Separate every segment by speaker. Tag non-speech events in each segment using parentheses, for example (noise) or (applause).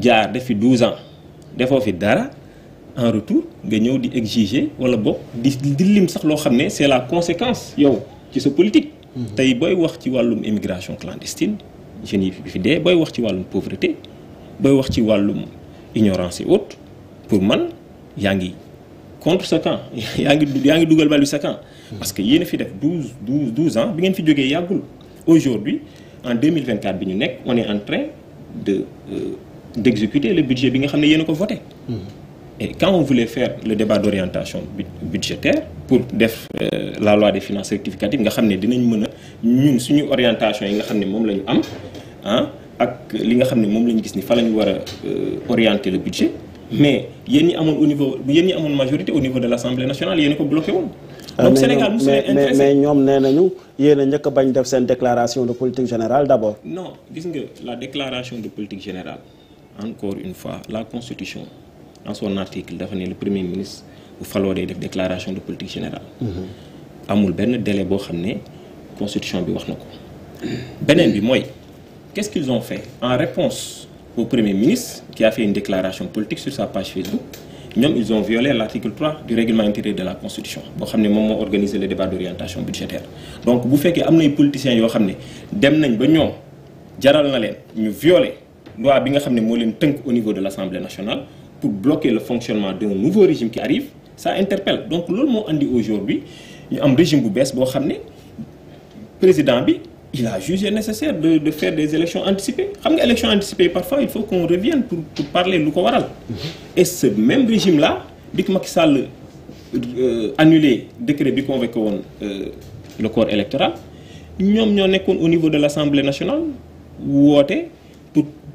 Speaker 1: jaar def fi 12 ans defoo fi dara en retour nga ñëw di exiger wala boog di di lim sax loo xam ne c'est la conséquence yow ci sa politique. Mhm. tey booy wax ci wàllum immigration clandestine jeunes bi fi dee booy wax ci wàllum pauvreté booy wax ci wàllum ignorance et pour man yaa ngi contre sa camp (laughs) yaa ngi yaa ngi dugal bal bi sa camp. Mhm. parce que yéen a fi def 12 12 12 ans bi ngeen fi jógee yàggul aujourd'hui en 2024 bi ñu nekk on est en train de. Euh, d'exécuter le budget bi nga xam ne yéen a ko voté. Mmh. et quand on voulait faire le débat d'orientation budgétaire pour def euh, la loi des finances rectificative nga xam ne dinañ mën a ñun suñu orientation yi nga xam ne moom la ñu am ah ak li nga xam ne moom la ñu gis ni fa la ñu war a euh, orienter le budget mmh. mais yéen ñi amoon au niveau yéen ñi amoon majorité au niveau de l'Assemblée nationale yéen a ko bloqué woon. Ah, donc Sénégal mais ñoom nee nañu yéen a njëkk bañ def seen déclaration de politique générale d'abord. non gis nga la déclaration de politique générale. encore une fois la constitution dans son article dafa ne le premier ministre bu faloo day def déclaration de politique général mm-hmm. amul benn délai boo xam ne constitution bi wax na ko beneen bi mooy qu'est-ce qu'ils ont fait en réponse au premier ministre qui a fait une déclaration politique sur sa page Facebook ñoom ils ont violé l'article 3 du règlement intérieur de la constitution boo xam ne moom moo organisé le débat d'orientation budgétaire donc bu fekkee am nay politiciens yoo xam ne dem nañ ba ñoom jaral na ñu violé loi bi nga xam ne moo leen tënk au niveau de l'Assemblée nationale pour bloquer le fonctionnement d'un nouveau régime qui arrive ça interpelle donc loolu moo andi aujourd'hui ñu am régime bu bees boo xam ne président bi il a jugé nécessaire de de faire des élections anticipées xam nga élections anticipées parfois il faut qu'on revienne pour pour parler lu ko waral mm-hmm. et ce même régime la bi ma Macky Sall euh, annulé décret bi convoqué woon euh, le corps électoral ñoom ñoo nekkoon au niveau de l'Assemblée nationale woote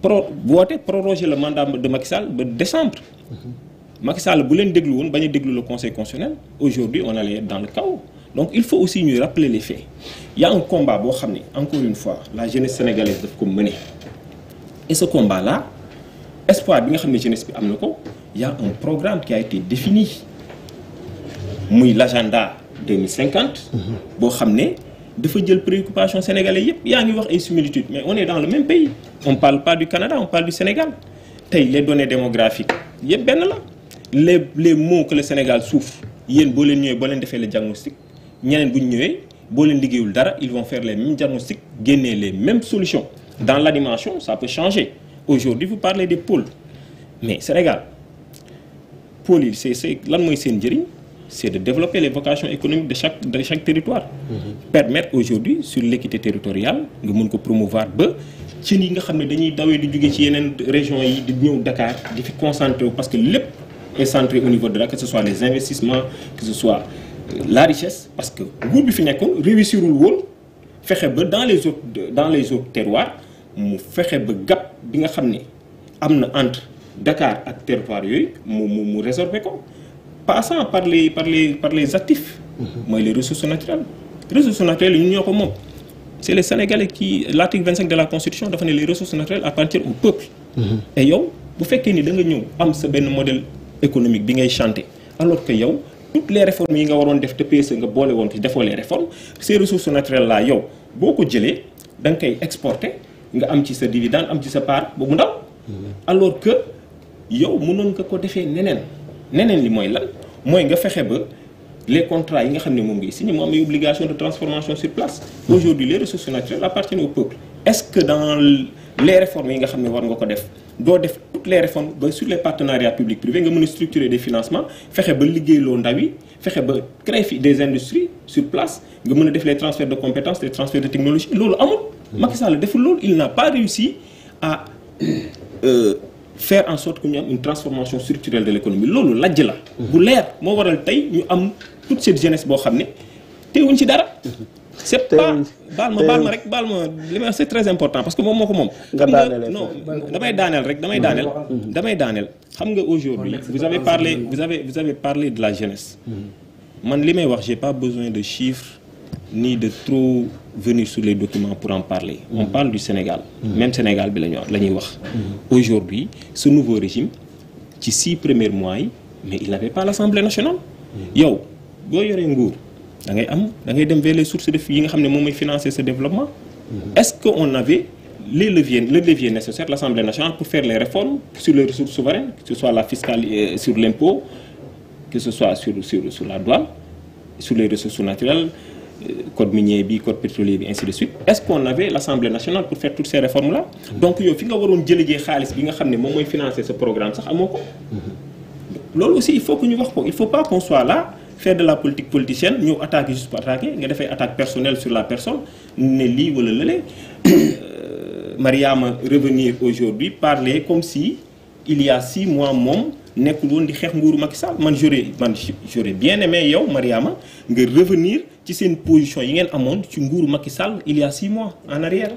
Speaker 1: pro woote proroger le mandat de Macky Sall ba décembre. Macky Sall bu leen déglu woon bañ a déglu le conseil constitutionnel aujourd'hui on allait dans kaw chaos donc il faut aussi ñuy rappeler les faits il y a combat boo xam ne encore une fois la jeunesse sénégalaise def ko mener et ce combat là espoir bi nga xam ne jeunesse bi am na ko y a un programme qui a été défini muy l'agenda 2050 boo xam ne dafa jël préoccupation sénégalais yëpp yaa ngi wax ay similitudes mais on est dans le même pays on parle pas du Canada on parle du Sénégal tey les données démographiques yëpp benn la les les moo que le Sénégal suuf yéen boo leen ñëwee boo leen defee le diagnostic ñeneen bu ñu ñëwee boo leen liggéeyul dara ils vont faire les mêmes diagnostics génnee les mêmes solutions dans l'animation ça peut changer aujourd'hui vous parlez des pôles mais Sénégal pôles yi c'est c'est lan mooy seen njëriñ c'est de développer les vocations économiques de chaque de chaque territoire. Mmh. permettre aujourd'hui sur l'équité territoriale nga mën ko promouvoir ba ci yi nga xam ne dañuy dawee di jóge ci yeneen région yi di ñëw dakaar di fi concentré wu parce que lépp est centré au niveau de là que ce soit les investissements que ce soit euh, la richesse parce que nguur bi fi nekkoon réussirul woon fexe ba dans les autres dans les autres terroirs mu fexe ba gap bi nga xam ne am na entre Dakar ak territoire yooyu mu mu mu ko. passant par les par les par les actifs. Mhm. mooy les ressources naturelles. ressources naturelles yi ñoo ko moom. c' est les Sénégalais qui l' article 25 de la constitution dafa ne les ressources naturelles appartiennent au peuple. Mhm. et yow bu fekkee ni da nga ñëw am sa benn modèle économique bi ngay chanter alors que yow toutes les réformes yi nga waroon def te PSE nga boole woon ci defoo les réformes ces ressources naturelles là yow boo ko jëlee da nga koy exporter nga am ci sa dividende am ci sa part bu mu ndaw. Mhm. que yow mënoon nga ko defee neneen. neneen li mooy lan mooy nga fexe ba les contrat yi nga xam ne moom ngay signé mu am de transformation sur place aujourd'hui les ressources naturelles appartiennent au que dans les réformes yi nga xam ne war nga ko def doo def toutes les réformes ba sur les partenariats public nga mën a structurer des financements fexe ba liggéeyloo ndaw yi fexe ba créer des industries sur place nga mën a def les transferts de compétences les transferts de technologie loolu amul Macky Sall deful loolu il n'a pas réussi à euh, faire en sorte que ñu am une transformation structurelle de l'économie loolu lajj la. bu leer moo waral tey ñu am toute cette jeunesse boo xam ne teewuñ ci dara. c'est pas baal ma baal ma rek baal ma li ma c'est très que moom moo ko moom. xam nga non damay damay daaneel. Mhm. damay daaneel xam nga aujourd'hui vous avez parlé vous avez vous avez parlé de la jeunesse. Mhm. man li may wax j'ai pas besoin de chiffres ni de trop. venir su les documents pour en parler. On mm-hmm. parle du Sénégal. Mm-hmm. Même Sénégal bi la ñu la ñuy wax. Mm-hmm. Aujourd'hui, ce nouveau régime ci si première mois yi mais il n'avait pas l'Assemblée nationale. yow boo yoree nguur da ngay am da ngay dem vers les sources de yi nga xam ne moom mooy financer ce développement. Est-ce qu'on avait les leviers le levier nécessaire l'Assemblée nationale pour faire les réformes sur les ressources souveraines que ce soit la fiscale euh, sur l'impôt que ce soit sur sur sur code minier bi code pétrolier bi ainsi de suite est-ce qu'on avait l'Assemblée nationale pour faire toutes ces réformes là donc yow fi nga waroon jëlëjee xaalis bi nga xam ne moom mooy financer ce programme sax amoo ko loolu aussi il faut ñu wax ko il faut pas qu'on soit là faire de la politique politicienne ñëw attaquer juste pour attaquer nga defay attaque personnelle sur la personne ne lii wala lële (coughs) euh, Mariama revenir aujourd'hui parler comme si il y a mois moom nekkul woon di xeex nguuru mag Sall man j'aurais man j'aurais bien aimé yow Mariama nga revenir ci seen position yi ngeen amoon ci nguuru Macky Sall il y a mois en arrière.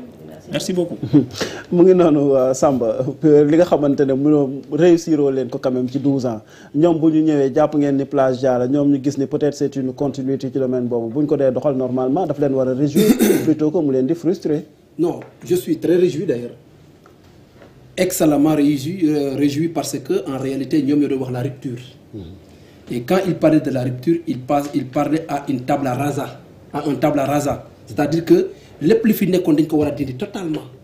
Speaker 1: merci beaucoup (laughs) mu ngi noonu euh, Samba euh, li nga xamante ne mënoo réussir leen ko quand même ci 12 ans ñoom bu ñu ñëwee jàpp ngeen ni plage jaara ñoom ñu gis ni peut-être c'est une continuité ci domaine boobu bu ñu ko dee doxal normalement daf leen war a réjouir (coughs) plutôt mu leen di frustrer non je excellemment réjoui euh, réjoui parce que en réalité ñoom ñoo doon wax la rupture mm-hmm. et quand il parlait de la rupture il passe il parlait à une table à rasa à un table à rasa c'est-à-dire que lépp li fi nekkoon dañ ko war a dindi totalement